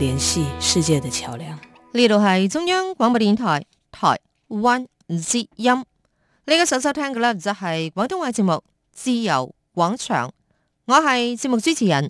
聯繫世界的橋樑，呢度係中央廣播電台台灣之音，你而家收聽嘅呢，就係廣東話節目《自由廣場》，我係節目主持人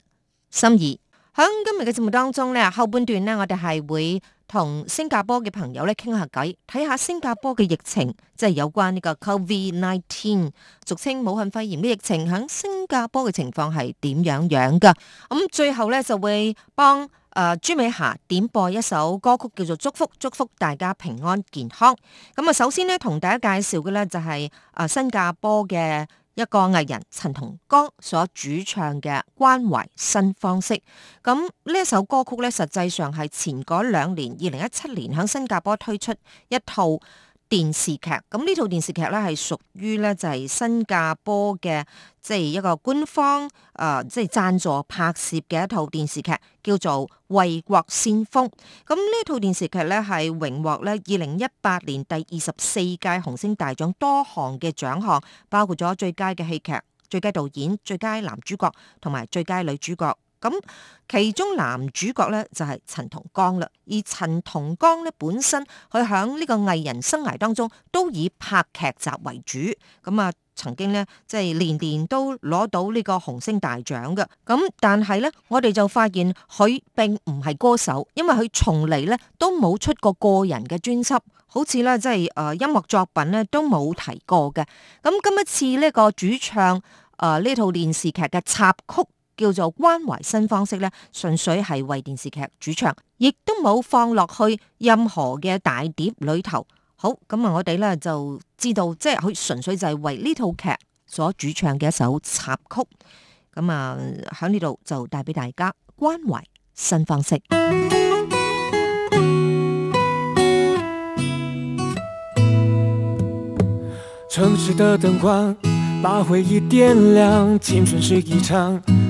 心怡。響今日嘅節目當中呢，後半段呢，我哋係會同新加坡嘅朋友咧傾下偈，睇下新加坡嘅疫情，即係有關呢個 COVID nineteen，俗稱武漢肺炎嘅疫情，響新加坡嘅情況係點樣樣噶。咁最後呢，就會幫。誒、呃、朱美霞點播一首歌曲叫做《祝福》，祝福大家平安健康。咁啊，首先咧同大家介紹嘅咧就係新加坡嘅一個藝人陳泂江所主唱嘅《關懷新方式》。咁呢一首歌曲咧，實際上係前嗰兩年，二零一七年喺新加坡推出一套電視劇。咁呢套電視劇咧係屬於咧就係新加坡嘅即係一個官方誒即係贊助拍攝嘅一套電視劇叫做《衛國先鋒》。咁呢套電視劇咧係榮獲咧二零一八年第二十四屆紅星大獎多項嘅獎項，包括咗最佳嘅戲劇、最佳導演、最佳男主角同埋最佳女主角。咁其中男主角咧就係、是、陳泂江啦，而陳泂江咧本身佢喺呢個藝人生涯當中都以拍劇集為主，咁啊曾經咧即係年年都攞到呢個紅星大獎嘅。咁但係咧，我哋就發現佢並唔係歌手，因為佢從嚟咧都冇出過個人嘅專輯，好似咧即係誒音樂作品咧都冇提過嘅。咁今一次呢個主唱誒呢、呃、套電視劇嘅插曲。叫做關懷新方式咧，純粹係為電視劇主唱，亦都冇放落去任何嘅大碟裏頭。好，咁啊，我哋咧就知道，即係可以純粹就係為呢套劇所主唱嘅一首插曲。咁啊，喺呢度就帶俾大家關懷新方式。城市的燈光把回憶點亮，青春是一場。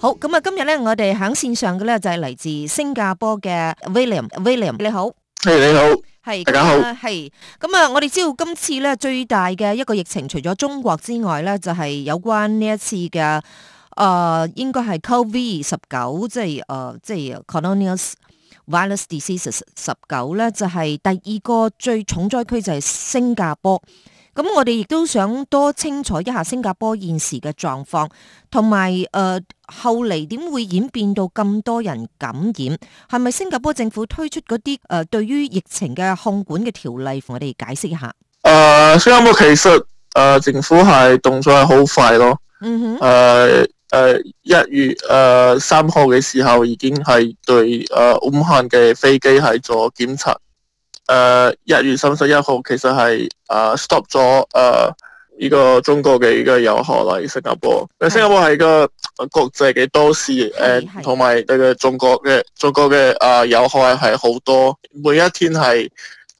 好咁啊！今日咧，我哋喺線上嘅咧就係、是、嚟自新加坡嘅 William，William 你好，係、hey，你好，係大家好，係咁啊！我哋知道今次咧最大嘅一個疫情，除咗中國之外咧，就係、是、有關呢一次嘅誒、呃，應該係 Covid 十九，即係誒，即係 Coronavirus Disease 十九咧，就係、是、第二個最重災區就係新加坡。咁我哋亦都想多清楚一下新加坡現時嘅狀況，同埋誒後嚟點會演變到咁多人感染，係咪新加坡政府推出嗰啲誒對於疫情嘅控管嘅條例，同我哋解釋一下？誒、呃，新加坡其實誒、呃、政府係動作係好快咯。嗯哼。誒、呃、誒，一、呃、月誒三號嘅時候已經係對誒武、呃、漢嘅飛機係做檢測。誒，一月三十一號其實係誒、uh, stop 咗誒呢個中國嘅呢個遊客嚟新加坡。誒，新加坡係個國際嘅都市，誒同埋佢嘅中國嘅中國嘅誒遊客係好多，每一天係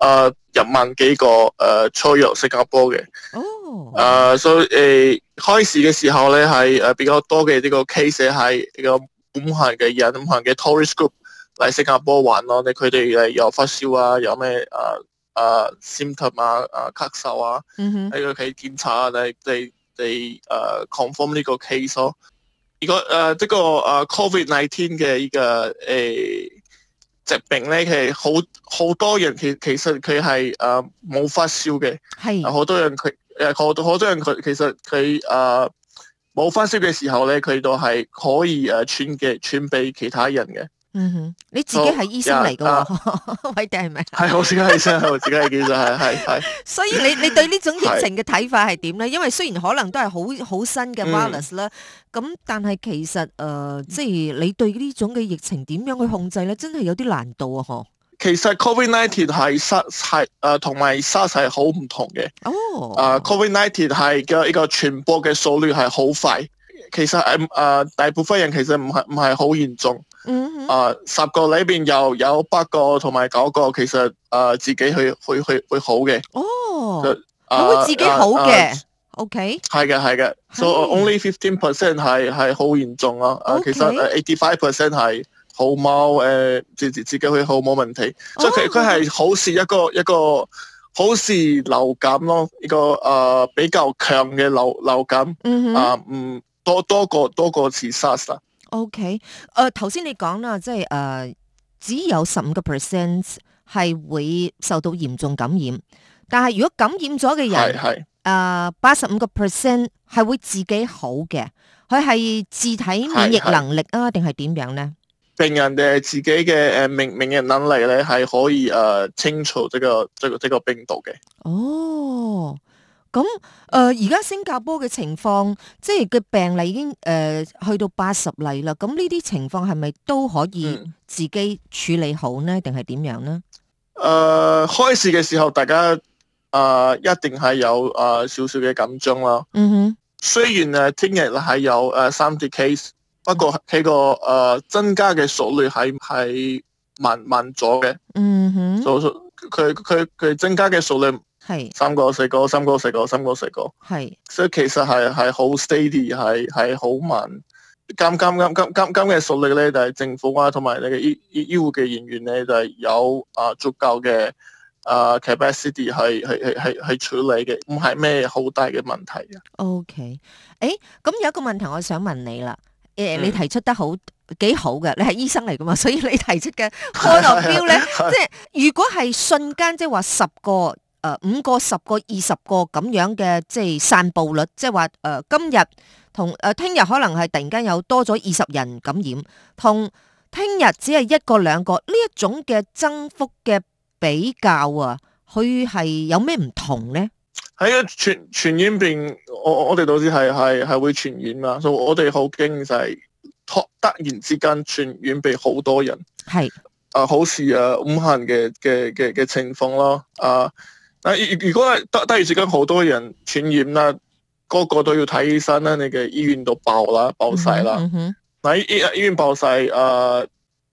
誒十萬幾個誒、呃、出入新加坡嘅。哦。誒，所以誒開始嘅時候咧係誒比較多嘅呢個 case 係呢個武漢嘅人，武漢嘅 tourist group。嚟新加坡玩咯，你佢哋誒有發燒啊，有咩啊啊 symptom 啊，啊咳嗽啊，喺佢企檢查你你你啊，你嚟嚟誒 confirm 呢、這個 case 咯。如果誒呢個誒 COVID-19 嘅呢個誒、呃、疾病咧，其實好好多人，其其實佢係誒冇發燒嘅，係好多人佢誒好多，好多人佢其實佢誒冇發燒嘅、啊、時候咧，佢都係可以誒傳嘅傳俾其他人嘅。嗯哼，你自己係醫生嚟嘅，喂定係咪？係我自己係醫生，我自己係醫生係係係。所以你你對呢種疫情嘅睇法係點咧？因為雖然可能都係好好新嘅 virus 啦，咁但係其實誒、呃，即係你對呢種嘅疫情點樣去控制咧，真係有啲難度啊！嗬。其實 Covid nineteen 係沙係誒，呃、同埋沙士係好唔同嘅。哦、oh. uh,。誒，Covid nineteen 係嘅呢個傳播嘅速率係好快。其實係誒、呃，大部分人其實唔係唔係好嚴重。嗯，啊、呃，十個裏邊又有八個同埋九個，其實誒、呃、自己去去去會好嘅。哦，呃、會自己好嘅。O K，係嘅，係嘅。Okay? So only fifteen percent 係係好嚴重咯。啊、okay?，其實8 eighty five percent 係好貓誒自自己會好冇問題。哦、所以佢佢係好似一個一個好似流感咯，一個誒、呃、比較強嘅流流感。嗯啊。多多個多個次沙士。OK，誒頭先你講啦，即係誒、呃、只有十五個 percent 係會受到嚴重感染，但係如果感染咗嘅人，係係八十五個 percent 係會自己好嘅，佢係自體免疫能力啊，定係點樣咧？病人嘅自己嘅誒免免疫能力咧係可以誒、呃、清除呢、這個、這個、這個病毒嘅。哦。咁誒，而、呃、家新加坡嘅情況，即係嘅病例已經誒、呃、去到八十例啦。咁呢啲情況係咪都可以自己處理好呢？定係點樣呢？誒、呃，開始嘅時候，大家誒、呃、一定係有誒、呃、少少嘅緊張啦。嗯哼，雖然誒聽日係有誒三跌 case，不過喺個誒增加嘅數率喺係慢慢咗嘅。嗯哼，就佢佢佢增加嘅數率。係三個四個三個四個三個四個，係所以其實係係好 steady，係係好慢。今今今今今今嘅實力咧，就係、是、政府啊，同埋你嘅醫醫護嘅人員咧，就係、是、有啊足夠嘅啊 capacity 係係係係處理嘅，唔係咩好大嘅問題啊。O K，誒，咁有一個問題我想問你啦，誒、呃嗯，你提出得很挺好幾好嘅，你係醫生嚟噶嘛？所以你提出嘅看樓表咧，即係如果係瞬間即係話十個。誒、呃，五個、十個、二十個咁樣嘅，即係散布率，即係話誒，今日同誒聽日可能係突然間有多咗二十人感染，同聽日只係一個兩個呢一種嘅增幅嘅比較啊，佢係有咩唔同呢？喺個傳傳染病，我我哋都知係係係會傳染啊。所以我哋好驚就係突然之間傳染俾好多人，係、呃、啊，好似啊無限嘅嘅嘅嘅情況咯，啊、呃。嗱，如果果得，得然至今好多人傳染啦，個個都要睇醫生啦，你嘅醫院都爆啦，爆晒啦。嗱、嗯嗯，醫醫院爆晒，誒、呃、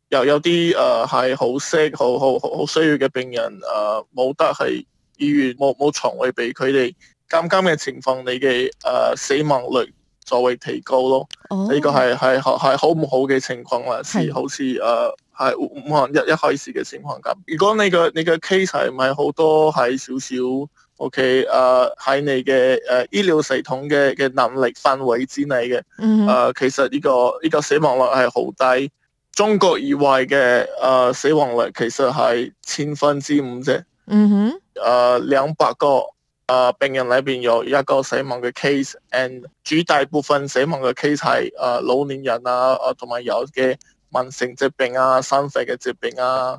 又有啲誒係好識好好好好需要嘅病人，誒、呃、冇得係醫院冇冇床位俾佢哋，咁咁嘅情況，你嘅誒、呃、死亡率就會提高咯。呢、哦這個係係係好唔好嘅情況，還是，是好似誒？係武漢一一開始嘅情況咁。如果你個你嘅 case 係唔係好多，係少少，OK？誒、呃、喺你嘅誒、呃、醫療系統嘅嘅能力範圍之內嘅，誒、mm -hmm. 呃、其實呢、呢個呢、呢個死亡率係好低。中國以外嘅誒、呃、死亡率其實係千分之五啫。嗯、mm、哼 -hmm. 呃。誒兩百個誒、呃、病人裏面有一個死亡嘅 case，and、mm -hmm. 主大部分死亡嘅 case 係誒、呃、老年人啊，同埋有嘅。慢性疾病啊，心肺嘅疾病啊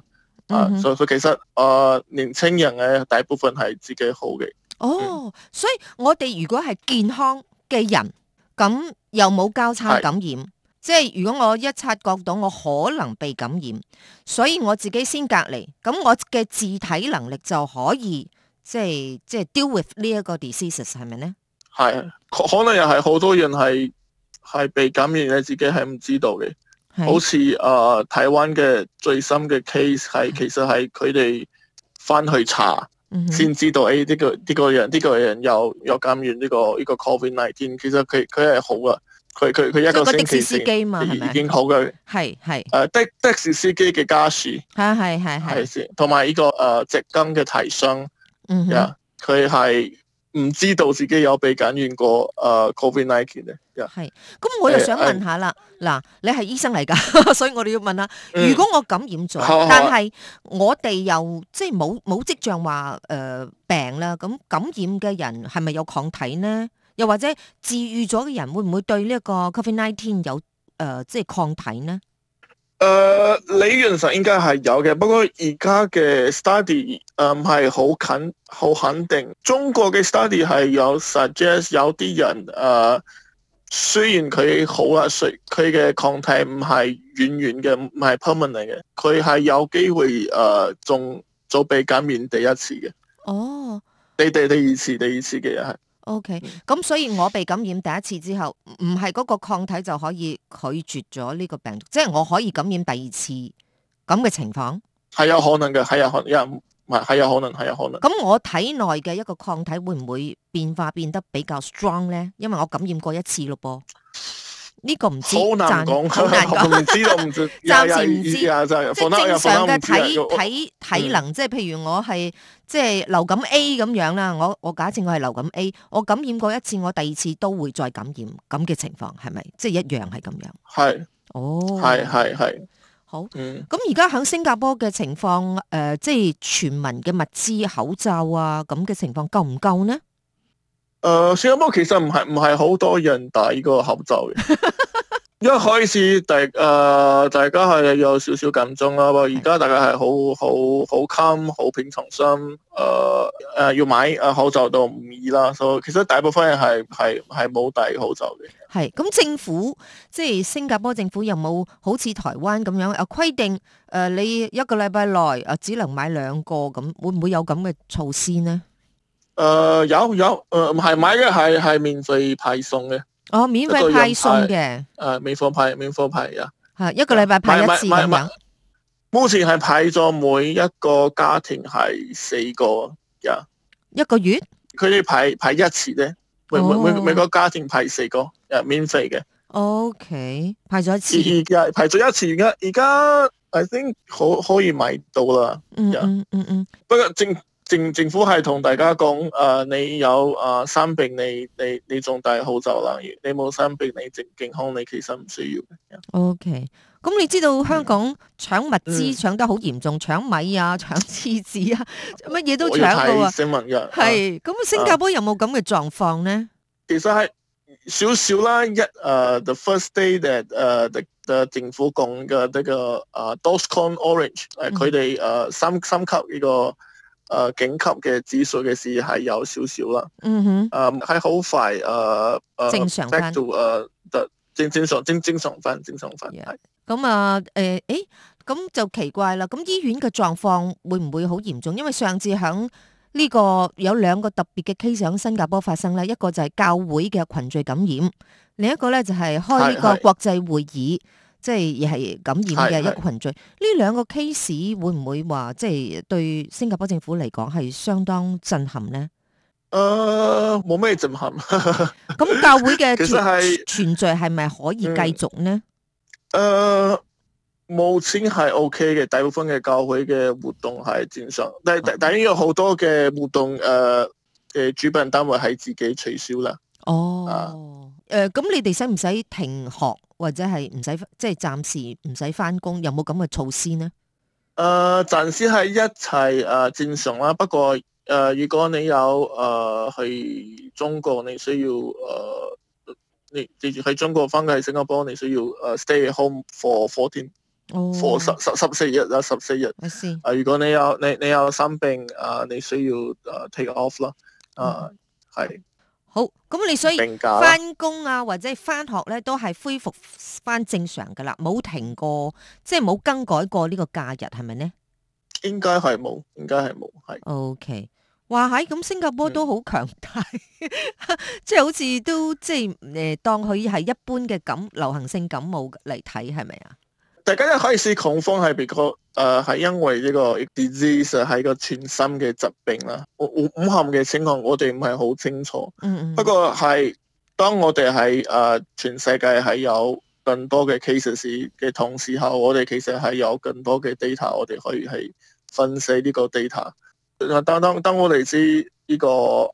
，mm -hmm. 啊，所以其實誒、呃，年青人嘅大部分係自己好嘅。哦、oh, 嗯，所以我哋如果係健康嘅人，咁又冇交叉感染，是即係如果我一察覺到我可能被感染，所以我自己先隔離，咁我嘅自體能力就可以，即係即係 deal with disease, 是是呢一個 disease 係咪咧？係，可能又係好多人係係被感染，嘅自己係唔知道嘅。好似誒、呃、台灣嘅最新嘅 case 係，其實係佢哋翻去查先、嗯、知道，誒、哎、呢、這個呢、這個、人呢、這個人有有感染呢、這個呢、這個 COVID nineteen，其實佢佢係好啊，佢佢佢一個星期先已經好嘅，係係誒的的士司機嘅、呃、家屬，係係係同埋呢個誒積、呃、金嘅提升，嗯，啊佢係。唔知道自己有被感染過 Covid nineteen 咧，係、yeah.，咁我又想問下、哎哎、啦，嗱，你係醫生嚟噶，所以我哋要問下、嗯，如果我感染咗、嗯，但係我哋又即係冇冇跡象話、呃、病啦，咁感染嘅人係咪有抗體呢？又或者治愈咗嘅人會唔會對呢一個 Covid nineteen 有、呃、即係抗體呢？誒、呃，理論上應該係有嘅，不過而家嘅 study 唔係好肯好肯定。中國嘅 study 係有 suggest 有啲人誒、呃，雖然佢好啊，佢佢嘅抗體唔係遠遠嘅，唔係 permanent 嘅，佢係有機會誒，仲早被減免第一次嘅哦，第、oh. 第第二次，第二次嘅又係。O K，咁所以我被感染第一次之後，唔係嗰個抗體就可以拒絕咗呢個病毒，即係我可以感染第二次咁嘅情況，係有可能嘅，係有可能，係有可能，係有可能。咁我體內嘅一個抗體會唔會變化變得比較 strong 呢？因為我感染過一次咯噃。呢、這個唔知，好難講，好難講。唔知唔知，暫 時唔知、就是。即係正常嘅體、就是就是、常體、就是、體能，嗯、即係譬如我係即係流感 A 咁樣啦。我我假設我係流感 A，我感染過一次，我第二次都會再感染。咁嘅情況係咪即係一樣係咁樣？係。哦。係係係。好。嗯。咁而家喺新加坡嘅情況，誒、呃，即係全民嘅物資、口罩啊，咁嘅情況夠唔夠呢？誒、呃，新加坡其實唔係唔係好多人戴個口罩嘅。 一開始大，誒，大家係有少少緊張啦。不過而家大家係好好好襟，好平常心誒誒，要買誒口罩都唔易啦。所以其實大部分人係係係冇戴口罩嘅。係咁，政府即係新加坡政府有冇好似台灣咁樣啊？規定誒、呃，你一個禮拜內誒只能買兩個咁，會唔會有咁嘅措施呢？誒、呃，有有誒，唔係買嘅，係係免費派送嘅。哦，免費派送嘅，誒，免費派，免費派呀，一個禮拜派一次人。目前係派咗每一個家庭係四個人，一個月佢哋派派一次咧，每每每個家庭派四個，誒，免費嘅。哦，OK，派咗一次，而家派咗一次，而家而家，I think 可以買到啦。嗯嗯嗯不過正。政政府係同大家講，誒、呃，你有誒生病，你你你仲戴口罩啦，你冇生病，你健健康，你其實唔需要。OK，咁你知道香港搶物資搶、嗯、得好嚴重，搶米啊，搶廁紙啊，乜嘢都搶過啊。新聞係咁，新加坡有冇咁嘅狀況呢、啊啊？其實係少少啦，一、uh, 誒，the first day that 誒、uh,，政府講嘅呢個誒 DORSCON Orange n o 係佢哋誒三三級呢個。Uh, 誒，警級嘅指數嘅事係有少少啦，嗯哼，誒、嗯，係好快，誒誒，即係做誒，正正常正正常翻，正常翻係。咁啊、yeah.，誒，誒，咁就奇怪啦。咁醫院嘅狀況會唔會好嚴重？因為上次響呢個有兩個特別嘅 case 響新加坡發生咧，一個就係教會嘅群聚感染，另一個咧就係開呢個國際會議。是是即係亦係感染嘅一個群聚。呢兩個 case 會唔會話即係對新加坡政府嚟講係相當震撼咧？誒、呃，冇咩震撼。咁 教會嘅其實係存，存在係咪可以繼續呢？誒、嗯，目前係 OK 嘅，大部分嘅教會嘅活動係正常，但、啊、但但因為有好多嘅活動誒嘅、呃呃、主辦單位喺自己取消啦。哦。啊。誒，咁你哋使唔使停學或者係唔使即係暫時唔使翻工，有冇咁嘅措施呢？誒、呃，暫時係一切誒正常啦。不過誒、呃，如果你有誒、呃、中國，你需要誒、呃、你直喺中國翻去喺新加坡，你需要誒 stay at home for fourteen f o r 十十十四日啦，十四日。啊、呃，如果你有你你有生病啊、呃，你需要誒 take off 啦。啊、嗯，係、呃。好，咁你所以翻工啊，或者返學咧，都係恢復翻正常噶啦，冇停過，即係冇更改過呢個假日，係咪呢？應該係冇，應該係冇，係。OK，哇，喺咁新加坡都好強大，嗯、 即係好似都即係誒，當佢係一般嘅感流行性感冒嚟睇，係咪啊？大家一開始恐慌係比較誒，係因為呢個 disease 係個全新嘅疾病啦。我武漢嘅情況，我哋唔係好清楚。不過係當我哋係誒全世界係有更多嘅 cases 嘅同時候，我哋其實係有更多嘅 data，我哋可以係分析呢個 data。但當當我哋知呢個誒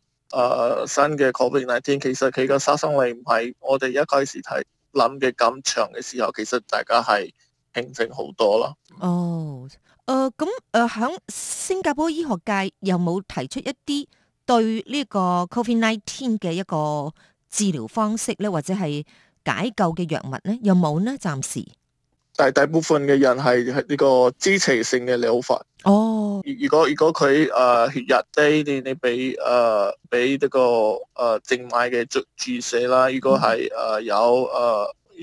新嘅 coronavirus，其實佢嘅殺傷力唔係我哋一開始睇諗嘅咁長嘅時候，其實大家係。清晰好多咯。哦、oh, 呃，誒咁誒，響新加坡醫學界有冇提出一啲對呢個 COVID-19 嘅一個治療方式咧，或者係解救嘅藥物咧？有冇呢？暫時有有，係大部分嘅人係係呢個支持性嘅療法。哦、oh，如果如果佢誒、呃、血壓低，你你俾誒俾呢個誒靜脈嘅注注射啦。如果係誒、mm. 呃、有誒。呃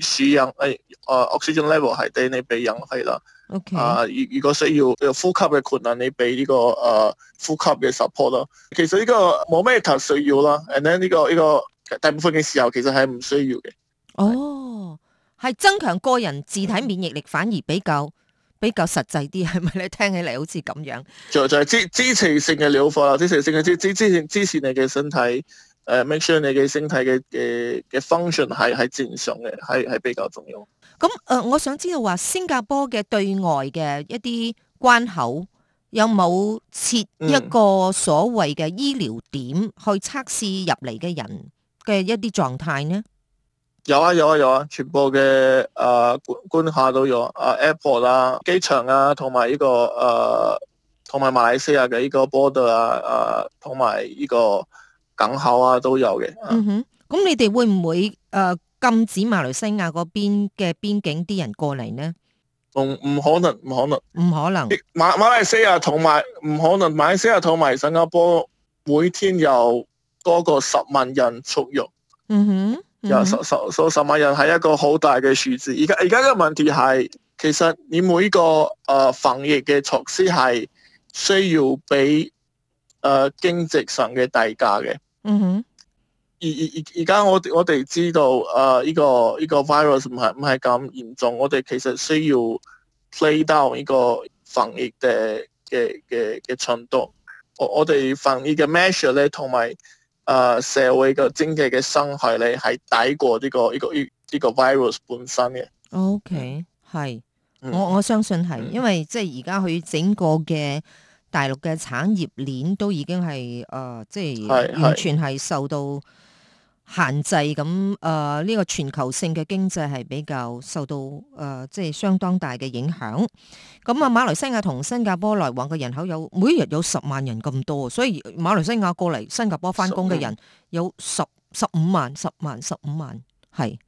使用誒誒氧氣樽 level 係對你俾氧氣啦，啊，如、啊 okay. uh, 如果需要呼吸嘅困難，你俾呢個誒呼吸嘅 support 咯。其實呢個冇咩特需要啦，and 呢呢個呢、呢個大部分嘅時候其實係唔需要嘅。哦、oh，係增強個人自體免疫力反而比較比較實際啲，係咪咧？你聽起嚟好似咁樣。就就係支支持性嘅療法，支持性嘅支支支持支持你嘅身體。make sure 你嘅身體嘅嘅嘅 function 係係正常嘅，係係比較重要。咁、呃、我想知道話新加坡嘅對外嘅一啲關口有冇設一個所謂嘅醫療點去測試入嚟嘅人嘅一啲狀態呢？有啊有啊有啊！全部嘅官下都有啊，airport 啊、機、啊、場啊，同埋呢個誒，同、呃、埋馬來西亞嘅呢個 border 啊，誒、呃，同埋呢個。等候啊都有嘅。嗯哼，咁你哋會唔會誒、呃、禁止馬來西亞嗰邊嘅邊境啲人過嚟呢？唔、嗯、唔可能，唔可能，唔可能。馬馬來西亞同埋唔可能馬來西亞同埋新加坡每天有多過十萬人出入，嗯。嗯哼，有十十數十萬人係一個好大嘅數字。而家而家嘅問題係，其實你每個誒、呃、防疫嘅措施係需要俾誒、呃、經濟上嘅代價嘅。嗯哼，而而而而家我哋我哋知道誒，呢個呢個 virus 唔係唔係咁嚴重，我哋其實需要 play down 呢個防疫嘅嘅嘅嘅程度。我我哋防疫嘅 measure 咧，同埋誒社會嘅經濟嘅傷害咧，係抵過呢個呢個呢個 virus 本身嘅。OK，係，我我相信係，嗯，因為即係而家佢整個嘅。大陸嘅產業鏈都已經係、呃、即係完全係受到限制咁、呃、呢個全球性嘅經濟係比較受到、呃、即係相當大嘅影響。咁啊，馬來西亞同新加坡來往嘅人口有每日有十萬人咁多，所以馬來西亞過嚟新加坡翻工嘅人有十、十萬、有十、十五萬、十萬、十五萬係。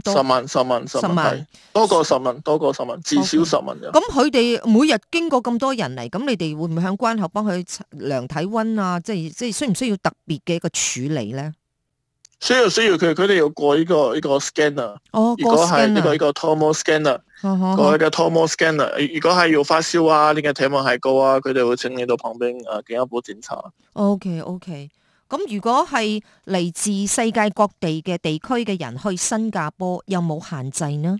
多十萬、十萬、十萬,十萬，多過十萬，多過十萬，至少十萬嘅。咁佢哋每日經過咁多人嚟，咁你哋會唔會響關口幫佢量體溫啊？即係即係需唔需要特別嘅一個處理咧？需要需要他們，佢佢哋要過呢個呢個 scanner 哦。哦，如果係呢個呢個 thermo scanner，個 thermo scanner，如果係要發燒啊，呢、這個體溫係高啊，佢哋會請你到旁邊誒健康部檢查。OK，OK okay, okay。咁如果係嚟自世界各地嘅地區嘅人去新加坡，有冇限制呢？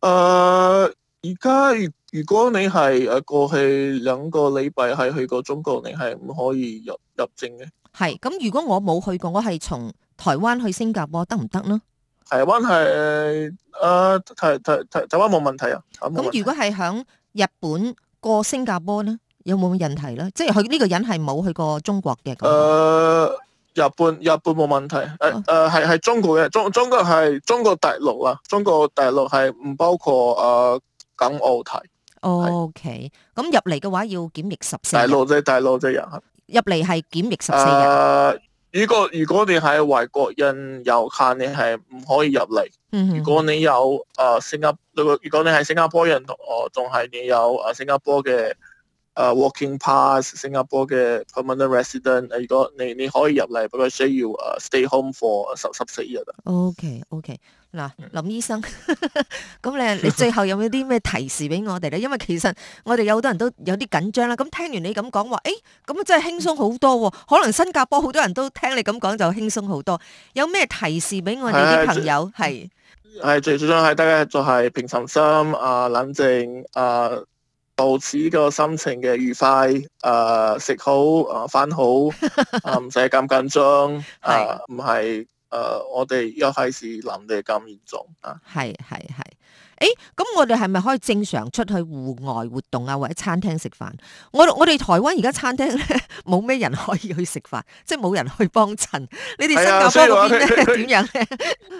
誒、呃，而家如果你係誒過去兩個禮拜係去過中國，你係唔可以入入境嘅。係。咁如果我冇去過，我係從台灣去新加坡得唔得呢？台灣係誒台台台台灣冇問題啊。咁如果係響日本過新加坡呢？有冇問題咧？即係佢呢個人係冇去過中國嘅。誒、呃，日本日本冇問題。誒、哦、誒，係、呃、係中國嘅中中國係中國大陸啊。中國大陸係唔包括誒港、呃、澳台。OK，咁入嚟嘅話要檢疫十四。大陸即大陸即入嚟係檢疫十四日。如果如果你係外國人遊客，你係唔可以入嚟、嗯。如果你有誒、呃、新加如果你係新加坡人，哦仲係你有誒新加坡嘅。Uh, w a l k i n g past，新加坡嘅 permanent resident，如果你你可以入嚟，不過需要 stay home for 十十四日。O K，O K，嗱，林醫生，咁、mm. 你你最後有冇啲咩提示俾我哋咧？因為其實我哋有好多人都有啲緊張啦。咁聽完你咁講話，誒、欸，咁啊真係輕鬆好多、哦。可能新加坡好多人都聽你咁講就輕鬆好多。有咩提示俾我哋啲 朋友？係 係最重要係，大家就係平常心，啊冷靜，啊。保持個心情嘅愉快，誒、呃、食好，誒瞓好，啊唔使咁緊張，啊唔係誒我哋一開始諗嘅咁嚴重啊，係係係。誒，咁我哋係咪可以正常出去戶外活動啊，或者餐廳食飯？我我哋台灣而家餐廳咧，冇咩人可以去食飯，即係冇人去幫襯。你哋新加坡嗰邊咧？點樣咧？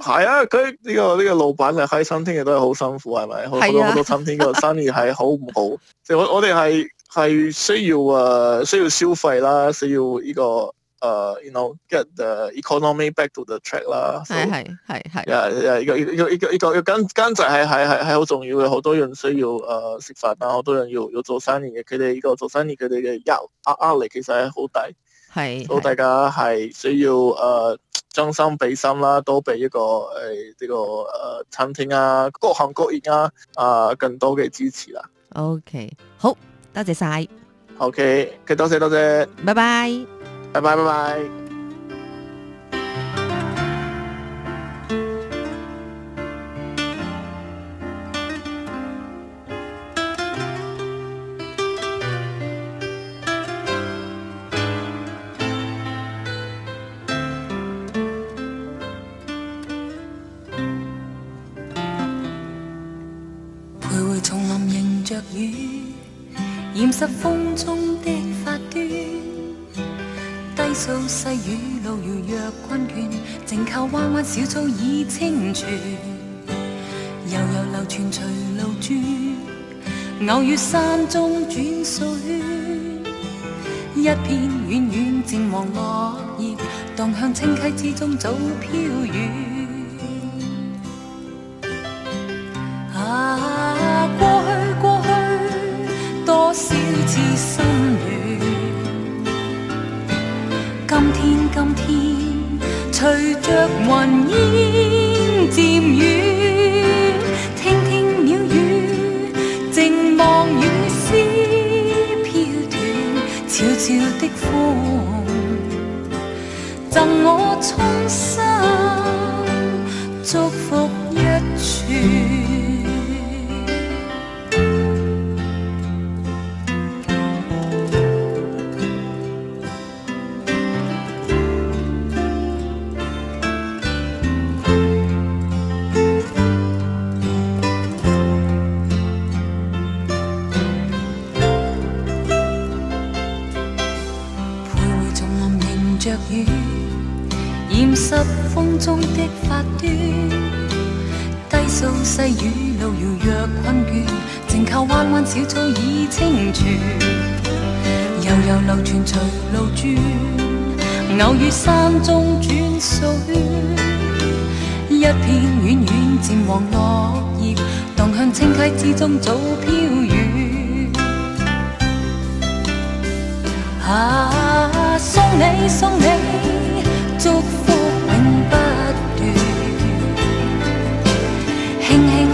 係啊，佢呢、這個呢、這個老闆嘅喺餐廳嘅都係好辛苦，係咪？好、啊、多好多餐廳個生意係好唔好？即 係我我哋係係需要啊需要消費啦，需要呢、這個。誒，you know get the economy back to the track 啦，係係係係，又又、yeah, yeah、一個一個一個一個一個工工仔係係係係好重要嘅，好多人需要誒食、uh、飯啊，好多人要要做生意嘅，佢哋呢個做生意佢哋嘅壓壓壓力其實係好大，係、so，所以大家係需要誒將心比心啦，多俾一個誒呢、哎這個誒、uh、餐廳啊，各行各業啊啊、uh、更多嘅支持啦。OK，好，多謝晒。OK，, okay 多謝多謝 bye bye，拜拜。拜拜拜。拜,拜。徘徊叢林迎着雨，掩飾風中。細雨路遙若困倦，靜靠彎彎小草倚清泉。悠悠流泉隨路轉，偶遇山中轉數圈。一片遠遠漸黃落葉，蕩向清溪之中早飄遠。偶遇山中轉水，一片遠遠漸黃落葉，蕩向清溪之中早飄遠。啊，送你送你，祝福永不斷，輕輕。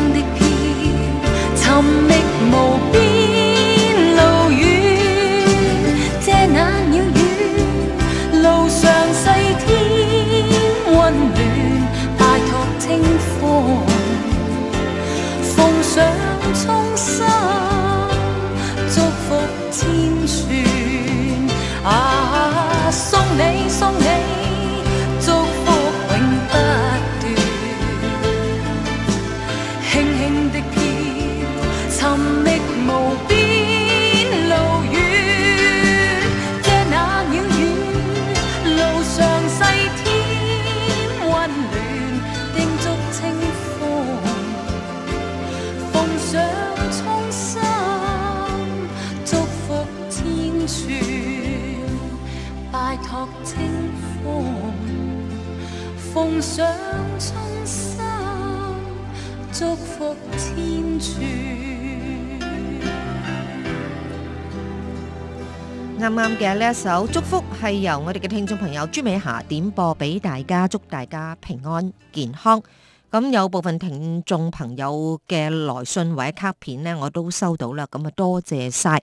嘅，呢一首祝福係由我哋嘅聽眾朋友朱美霞點播俾大家，祝大家平安健康。咁有部分聽眾朋友嘅來信或者卡片呢，我都收到啦，咁啊多謝晒。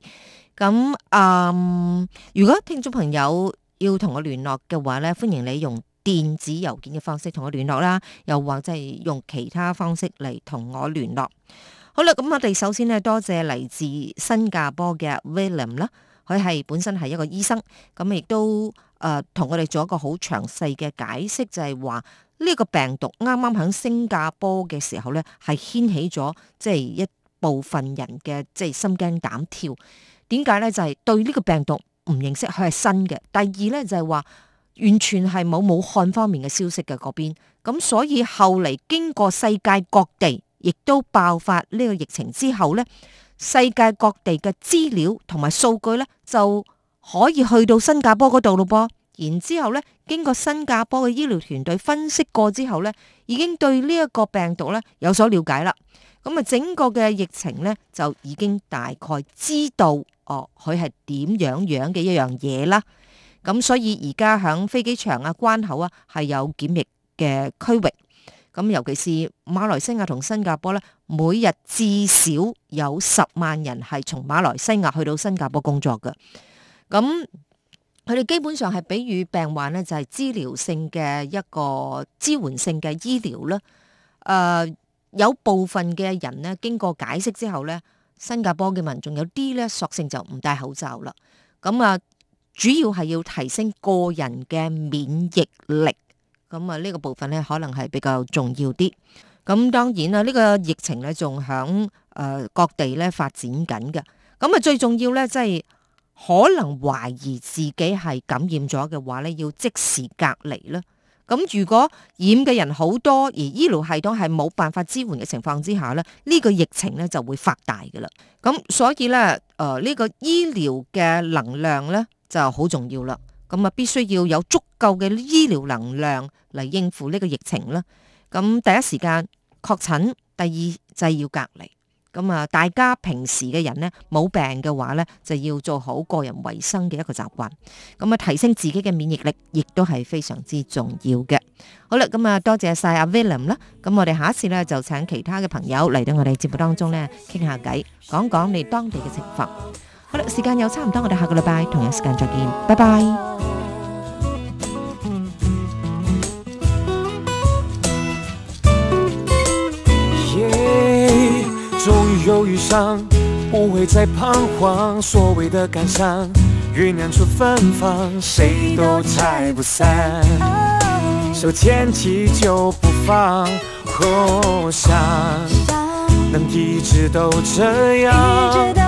咁、嗯、啊，如果聽眾朋友要同我聯絡嘅話呢，歡迎你用電子郵件嘅方式同我聯絡啦，又或者係用其他方式嚟同我聯絡。好啦，咁我哋首先呢，多謝嚟自新加坡嘅 William 啦。佢係本身係一個醫生，咁亦都誒同我哋做一個好詳細嘅解釋，就係話呢個病毒啱啱喺新加坡嘅時候咧，係掀起咗即係一部分人嘅即係心驚膽跳。點解咧？就係對呢個病毒唔認識，佢係新嘅。第二咧就係話完全係冇武漢方面嘅消息嘅嗰邊。咁所以後嚟經過世界各地亦都爆發呢個疫情之後咧，世界各地嘅資料同埋數據咧就可以去到新加坡嗰度咯噃，然之後咧經過新加坡嘅醫療團隊分析過之後咧，已經對呢一個病毒咧有所了解啦。咁啊，整個嘅疫情咧就已經大概知道哦，佢係點樣樣嘅一樣嘢啦。咁所以而家響飛機場啊關口啊係有檢疫嘅區域。咁尤其是馬來西亞同新加坡咧，每日至少有十萬人係從馬來西亞去到新加坡工作嘅。咁佢哋基本上係比喻病患咧，就係治療性嘅一個支援性嘅醫療啦。誒，有部分嘅人呢，經過解釋之後咧，新加坡嘅民眾有啲咧索性就唔戴口罩啦。咁啊，主要係要提升個人嘅免疫力。咁啊，呢個部分咧，可能係比較重要啲。咁當然啦，呢個疫情咧仲響誒各地咧發展緊嘅。咁啊，最重要咧，即係可能懷疑自己係感染咗嘅話咧，要即時隔離啦。咁如果染嘅人好多，而醫療系統係冇辦法支援嘅情況之下咧，呢個疫情咧就會發大㗎啦。咁所以咧，誒呢個醫療嘅能量咧就好重要啦。咁啊，必須要有足夠嘅醫療能量嚟應付呢個疫情啦。咁第一時間確診，第二就要隔離。咁啊，大家平時嘅人呢，冇病嘅話呢，就要做好個人衞生嘅一個習慣。咁啊，提升自己嘅免疫力，亦都係非常之重要嘅。好啦，咁啊，多謝晒阿 William 啦。咁我哋下一次呢，就請其他嘅朋友嚟到我哋節目當中呢，傾下偈，講講你當地嘅情況。好啦，時間又差唔多，我哋下個禮拜同樣時間再見，拜拜。耶，終於有遇上，不會再彷徨。所謂的感傷，醞釀出芬芳，誰都拆不散。手牽起就不放，多想能一直都這樣。